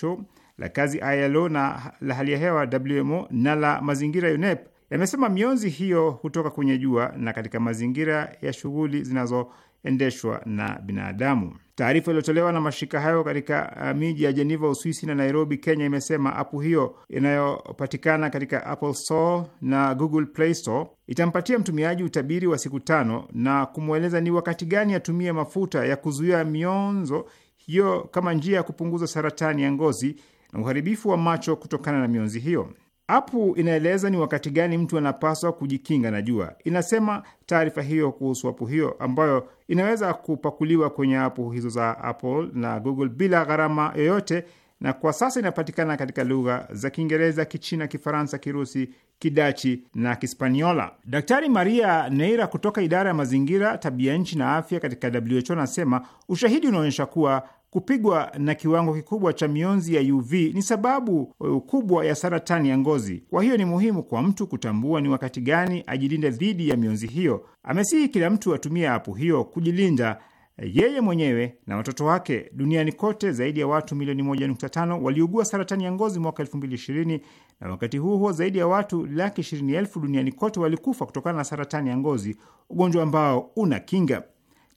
WHO, la kazi ILO na la hali ya hewa WMO na la mazingira UNEP yamesema mionzi hiyo hutoka kwenye jua na katika mazingira ya shughuli zinazoendeshwa na binadamu. Taarifa iliyotolewa na mashirika hayo katika uh, miji ya Jeneva, Uswisi na Nairobi, Kenya, imesema apu hiyo inayopatikana katika Apple Store na Google Play Store itampatia mtumiaji utabiri wa siku tano na kumweleza ni wakati gani atumie mafuta ya kuzuia mionzo hiyo kama njia ya kupunguza saratani ya ngozi na uharibifu wa macho kutokana na mionzi hiyo. Apu inaeleza ni wakati gani mtu anapaswa kujikinga na jua, inasema taarifa hiyo kuhusu apu hiyo ambayo inaweza kupakuliwa kwenye apu hizo za Apple na Google bila gharama yoyote, na kwa sasa inapatikana katika lugha za Kiingereza, Kichina, Kifaransa, Kirusi, Kidachi na Kispaniola. Daktari Maria Neira kutoka idara ya mazingira, tabia nchi na afya katika WHO anasema ushahidi unaonyesha kuwa kupigwa na kiwango kikubwa cha mionzi ya UV ni sababu uh, kubwa ya saratani ya ngozi. Kwa hiyo ni muhimu kwa mtu kutambua ni wakati gani ajilinde dhidi ya mionzi hiyo. Amesihi kila mtu atumie apu hiyo kujilinda uh, yeye mwenyewe na watoto wake. Duniani kote zaidi ya watu milioni 1.5 waliugua saratani ya ngozi mwaka 2020 na wakati huo huo zaidi ya watu laki 20 elfu duniani kote walikufa kutokana na saratani ya ngozi, ugonjwa ambao una kinga.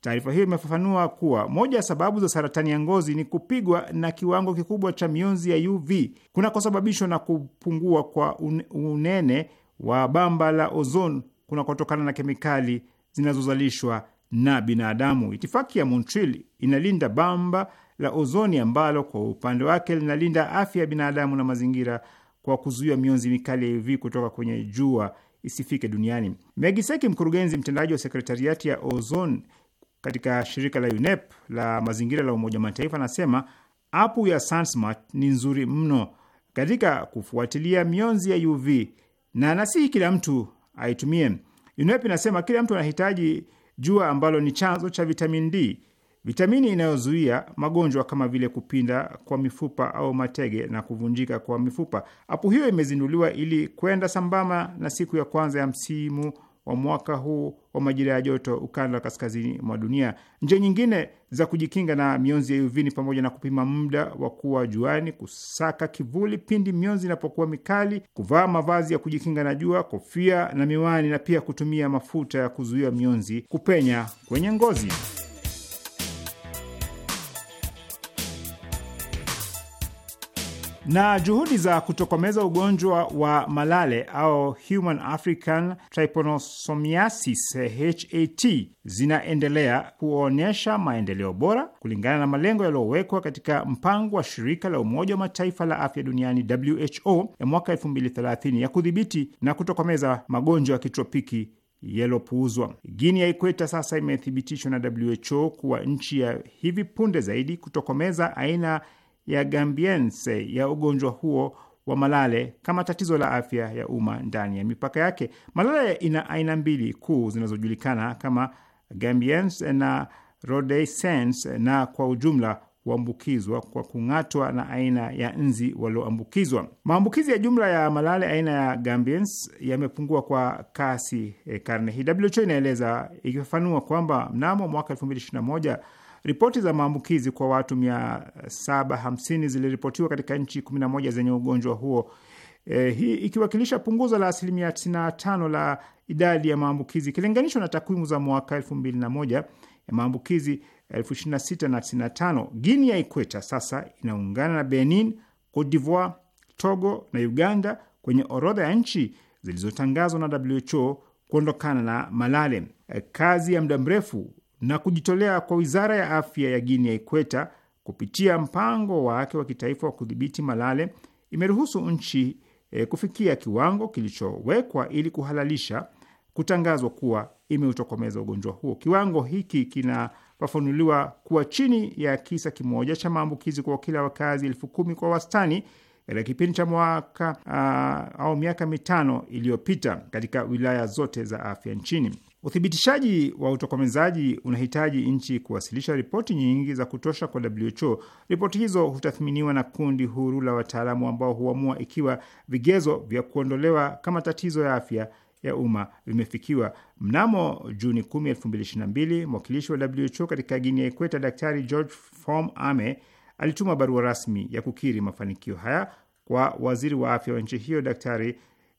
Taarifa hiyo imefafanua kuwa moja ya sababu za saratani ya ngozi ni kupigwa na kiwango kikubwa cha mionzi ya UV kunakosababishwa na kupungua kwa unene wa bamba la ozon kunakotokana na kemikali zinazozalishwa na binadamu. Itifaki ya Montreal inalinda bamba la ozoni ambalo kwa upande wake linalinda afya ya binadamu na mazingira kwa kuzuia mionzi mikali ya UV kutoka kwenye jua isifike duniani. Megiseki, mkurugenzi mtendaji wa sekretariati ya ozon katika shirika la UNEP la mazingira la Umoja wa Mataifa anasema apu ya SunSmart ni nzuri mno katika kufuatilia mionzi ya UV na nasihi kila mtu aitumie. UNEP inasema kila mtu anahitaji jua ambalo ni chanzo cha vitamin D, vitamini inayozuia magonjwa kama vile kupinda kwa mifupa au matege na kuvunjika kwa mifupa. Apu hiyo imezinduliwa ili kwenda sambamba na siku ya kwanza ya msimu wa mwaka huu wa majira ya joto ukanda wa kaskazini mwa dunia. Njia nyingine za kujikinga na mionzi ya UV ni pamoja na kupima muda wa kuwa juani, kusaka kivuli pindi mionzi inapokuwa mikali, kuvaa mavazi ya kujikinga na jua, kofia na miwani, na pia kutumia mafuta ya kuzuia mionzi kupenya kwenye ngozi. na juhudi za kutokomeza ugonjwa wa malale au Human African Trypanosomiasis HAT zinaendelea kuonyesha maendeleo bora kulingana na malengo yaliyowekwa katika mpango wa shirika la Umoja wa Mataifa la afya duniani WHO ya mwaka 2030 ya kudhibiti na kutokomeza magonjwa ya kitropiki yaliyopuuzwa. Gini ya Ikweta sasa imethibitishwa na WHO kuwa nchi ya hivi punde zaidi kutokomeza aina ya Gambiense ya ugonjwa huo wa malale kama tatizo la afya ya umma ndani ya mipaka yake. Malale ina aina mbili kuu zinazojulikana kama Gambiense na Rhodesiense, na kwa ujumla huambukizwa kwa kung'atwa na aina ya nzi walioambukizwa. Maambukizi ya jumla ya malale aina ya Gambiens yamepungua kwa kasi eh, karne hii, WHO inaeleza ikifafanua kwamba mnamo mwaka 2021 Ripoti za maambukizi kwa watu 750 ziliripotiwa katika nchi 11 zenye ugonjwa huo, e, hii ikiwakilisha punguzo la asilimia 95 la idadi ya maambukizi ikilinganishwa na takwimu za mwaka 2001 ya maambukizi 2695. Guinea ya Ikweta sasa inaungana na Benin, Cote d'Ivoire, Togo na Uganda kwenye orodha ya nchi zilizotangazwa na WHO kuondokana na malale. E, kazi ya muda mrefu na kujitolea kwa wizara ya afya ya Guinea Ikweta kupitia mpango wake wa kitaifa wa kudhibiti malale imeruhusu nchi e, kufikia kiwango kilichowekwa ili kuhalalisha kutangazwa kuwa imeutokomeza ugonjwa huo. Kiwango hiki kinafafanuliwa kuwa chini ya kisa kimoja cha maambukizi kwa kila wakazi elfu kumi kwa wastani katika kipindi cha mwaka au miaka mitano iliyopita katika wilaya zote za afya nchini. Uthibitishaji wa utokomezaji unahitaji nchi kuwasilisha ripoti nyingi za kutosha kwa WHO. Ripoti hizo hutathminiwa na kundi huru la wataalamu ambao huamua ikiwa vigezo vya kuondolewa kama tatizo ya afya ya umma vimefikiwa. Mnamo Juni 10, 2022, mwakilishi wa WHO katika Guinea Ekweta, Daktari George fom Ame alituma barua rasmi ya kukiri mafanikio haya kwa waziri wa afya wa nchi hiyo Daktari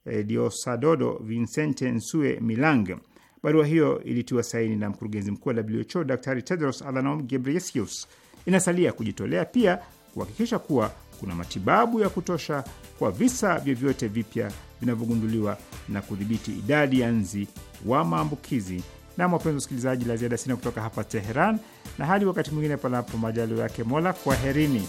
eh, Diosadodo Vincente Nsue Milange. Barua hiyo ilitiwa saini na mkurugenzi mkuu wa WHO Daktari Tedros Adhanom Ghebreyesus. Inasalia kujitolea pia kuhakikisha kuwa kuna matibabu ya kutosha kwa visa vyovyote vipya vinavyogunduliwa na kudhibiti idadi ya nzi wa maambukizi. Na wapenzi wasikilizaji, la ziada sina kutoka hapa Teheran, na hadi wakati mwingine, panapo majalio yake Mola, kwaherini.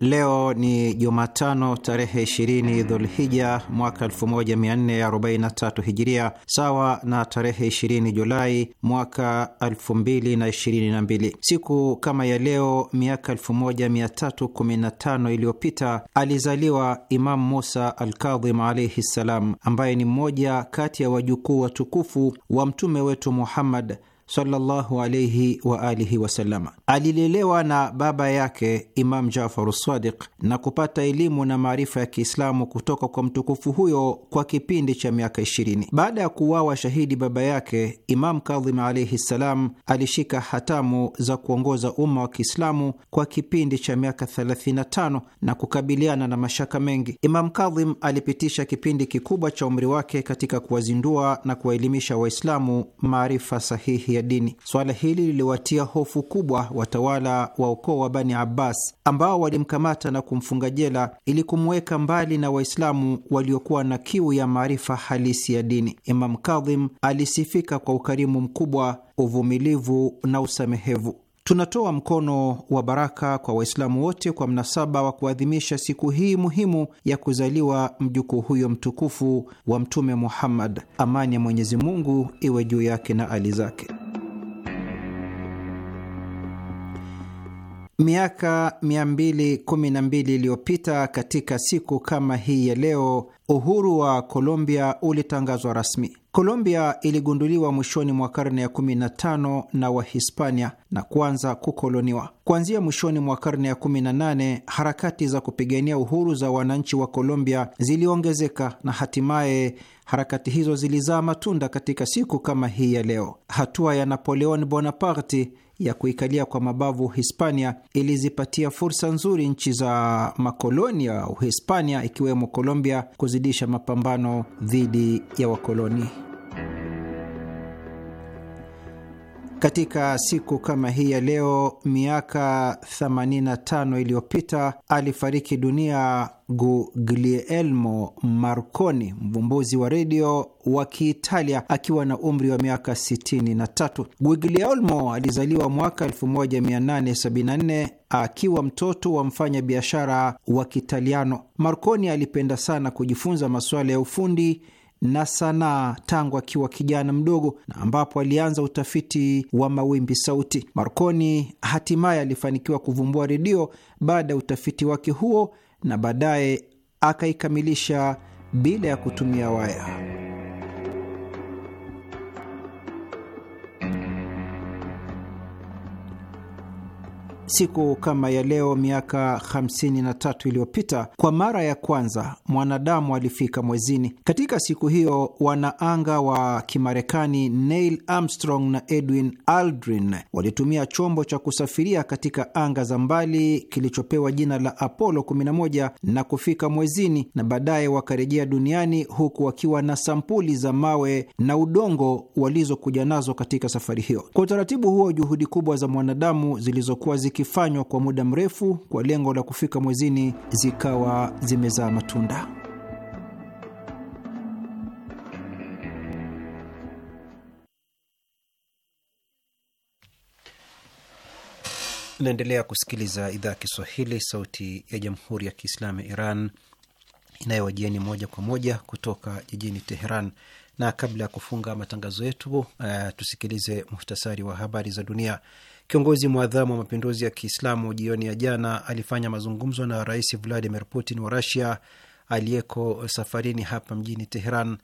Leo ni Jumatano tarehe 20 Dhulhija mwaka 1443 Hijiria, sawa na tarehe 20 Julai mwaka 2022. Siku kama ya leo miaka 1315 iliyopita alizaliwa Imamu Musa Alkadhim alaihi ssalam, ambaye ni mmoja kati ya wajukuu watukufu wa mtume wetu Muhammad sallallahu alayhi wa alihi Alilelewa na baba yake Imam Jafar Sadiq na kupata elimu na maarifa ya Kiislamu kutoka kwa mtukufu huyo kwa kipindi cha miaka 20. Baada ya kuuawa shahidi baba yake, Imam Kadhim alaihi ssalam alishika hatamu za kuongoza umma wa Kiislamu kwa kipindi cha miaka 35 na kukabiliana na mashaka mengi. Imam Kadhim alipitisha kipindi kikubwa cha umri wake katika kuwazindua na kuwaelimisha Waislamu maarifa sahihi ya dini. Swala hili liliwatia hofu kubwa watawala wa ukoo wa Bani Abbas ambao walimkamata na kumfunga jela ili kumweka mbali na Waislamu waliokuwa na kiu ya maarifa halisi ya dini. Imam Kadhim alisifika kwa ukarimu mkubwa, uvumilivu na usamehevu. Tunatoa mkono wa baraka kwa Waislamu wote kwa mnasaba wa kuadhimisha siku hii muhimu ya kuzaliwa mjukuu huyo mtukufu wa Mtume Muhammad, amani ya Mwenyezi Mungu iwe juu yake na ali zake. Miaka 212 iliyopita katika siku kama hii ya leo, uhuru wa Colombia ulitangazwa rasmi. Colombia iligunduliwa mwishoni mwa karne ya 15 na Wahispania na kuanza kukoloniwa. Kuanzia mwishoni mwa karne ya 18, harakati za kupigania uhuru za wananchi wa Colombia ziliongezeka na hatimaye harakati hizo zilizaa matunda katika siku kama hii ya leo. Hatua ya Napoleon Bonaparte ya kuikalia kwa mabavu Hispania ilizipatia fursa nzuri nchi za makoloni ya Uhispania ikiwemo Colombia kuzidisha mapambano dhidi ya wakoloni. Katika siku kama hii ya leo miaka 85 iliyopita alifariki dunia Guglielmo Marconi, mvumbuzi wa redio wa Kiitalia akiwa na umri wa miaka 63. Guglielmo alizaliwa mwaka 1874 akiwa mtoto wa mfanya biashara wa Kitaliano. Marconi alipenda sana kujifunza masuala ya ufundi na sanaa tangu akiwa kijana mdogo na ambapo alianza utafiti wa mawimbi sauti. Marconi hatimaye alifanikiwa kuvumbua redio baada ya utafiti wake huo, na baadaye akaikamilisha bila ya kutumia waya. Siku kama ya leo miaka 53 iliyopita, kwa mara ya kwanza mwanadamu alifika mwezini. Katika siku hiyo, wanaanga wa Kimarekani Neil Armstrong na Edwin Aldrin walitumia chombo cha kusafiria katika anga za mbali kilichopewa jina la Apollo 11 na kufika mwezini, na baadaye wakarejea duniani huku wakiwa na sampuli za mawe na udongo walizokuja nazo katika safari hiyo. Kwa utaratibu huo, juhudi kubwa za mwanadamu zilizokuwa ziki zikifanywa kwa muda mrefu kwa lengo la kufika mwezini zikawa zimezaa matunda. Naendelea kusikiliza idhaa ya Kiswahili, sauti ya jamhuri ya kiislamu ya Iran inayowajieni moja kwa moja kutoka jijini Teheran na kabla ya kufunga matangazo yetu uh, tusikilize muhtasari wa habari za dunia. Kiongozi mwadhamu wa mapinduzi ya Kiislamu jioni ya jana alifanya mazungumzo na Rais Vladimir Putin wa rasia aliyeko safarini hapa mjini Teheran,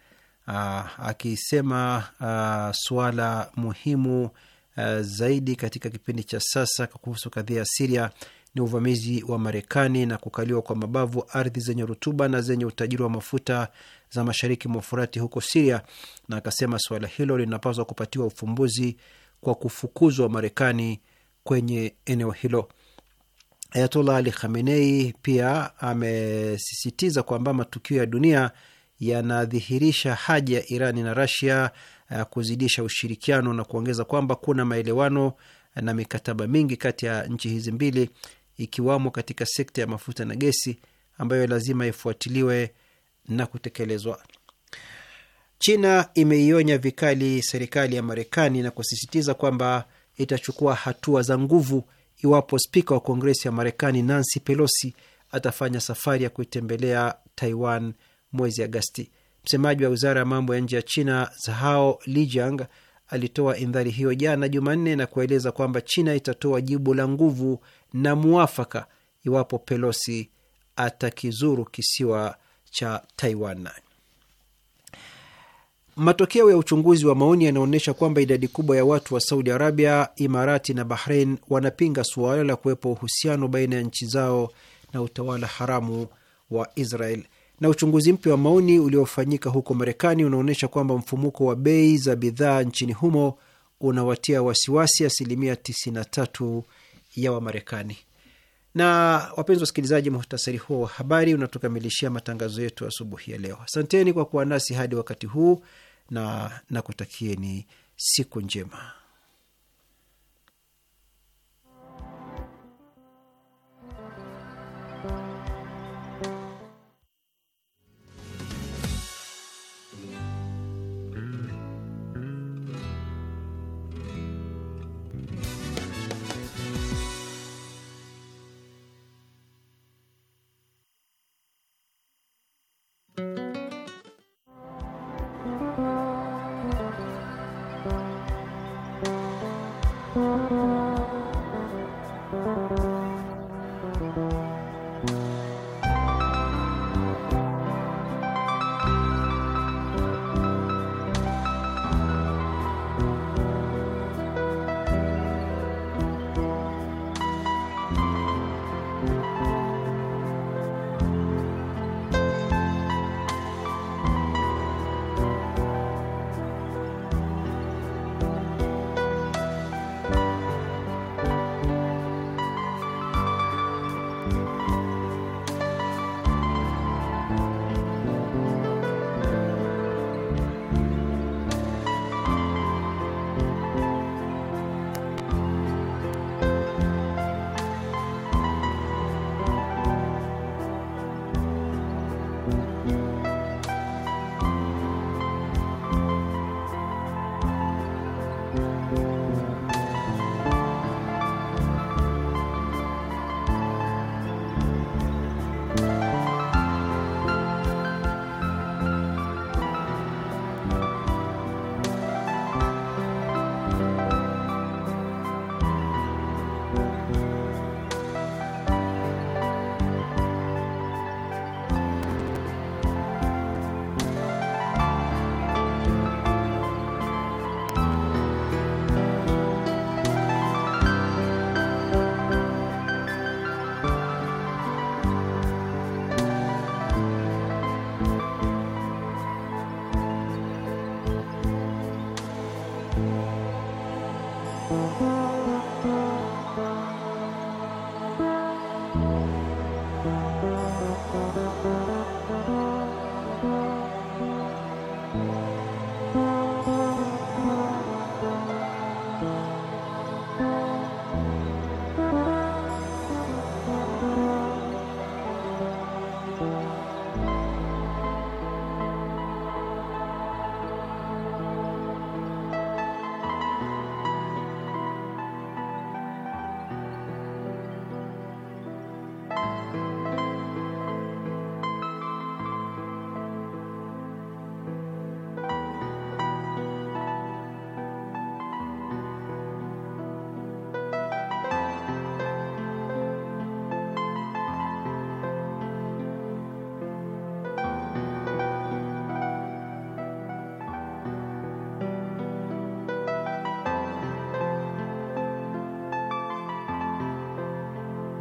uh, akisema uh, suala muhimu uh, zaidi katika kipindi cha sasa kuhusu kadhia ya Siria ni uvamizi wa Marekani na kukaliwa kwa mabavu ardhi zenye rutuba na zenye utajiri wa mafuta za mashariki mwa Furati huko Siria, na akasema suala hilo linapaswa kupatiwa ufumbuzi kwa kufukuzwa Marekani kwenye eneo hilo. Ayatollah Ali Khamenei pia amesisitiza kwamba matukio ya dunia yanadhihirisha haja ya Irani na Rasia eh, kuzidisha ushirikiano na kuongeza kwamba kuna maelewano na mikataba mingi kati ya nchi hizi mbili ikiwamo katika sekta ya mafuta na gesi ambayo lazima ifuatiliwe na kutekelezwa. China imeionya vikali serikali ya Marekani na kusisitiza kwamba itachukua hatua za nguvu iwapo spika wa Kongresi ya Marekani Nancy Pelosi atafanya safari ya kuitembelea Taiwan mwezi Agasti. Msemaji wa wizara ya mambo ya nje ya China Zhao Lijiang alitoa indhari hiyo jana Jumanne na kueleza kwamba China itatoa jibu la nguvu na mwafaka iwapo Pelosi atakizuru kisiwa cha Taiwan. Matokeo ya uchunguzi wa maoni yanaonyesha kwamba idadi kubwa ya watu wa Saudi Arabia, Imarati na Bahrain wanapinga suala la kuwepo uhusiano baina ya nchi zao na utawala haramu wa Israel. Na uchunguzi mpya wa maoni uliofanyika huko Marekani unaonyesha kwamba mfumuko wa bei za bidhaa nchini humo unawatia wasiwasi asilimia 93 ya Wamarekani. Na wapenzi wasikilizaji, muhtasari huo wa habari unatukamilishia matangazo yetu asubuhi ya leo. Asanteni kwa kuwa nasi hadi wakati huu na nakutakieni siku njema.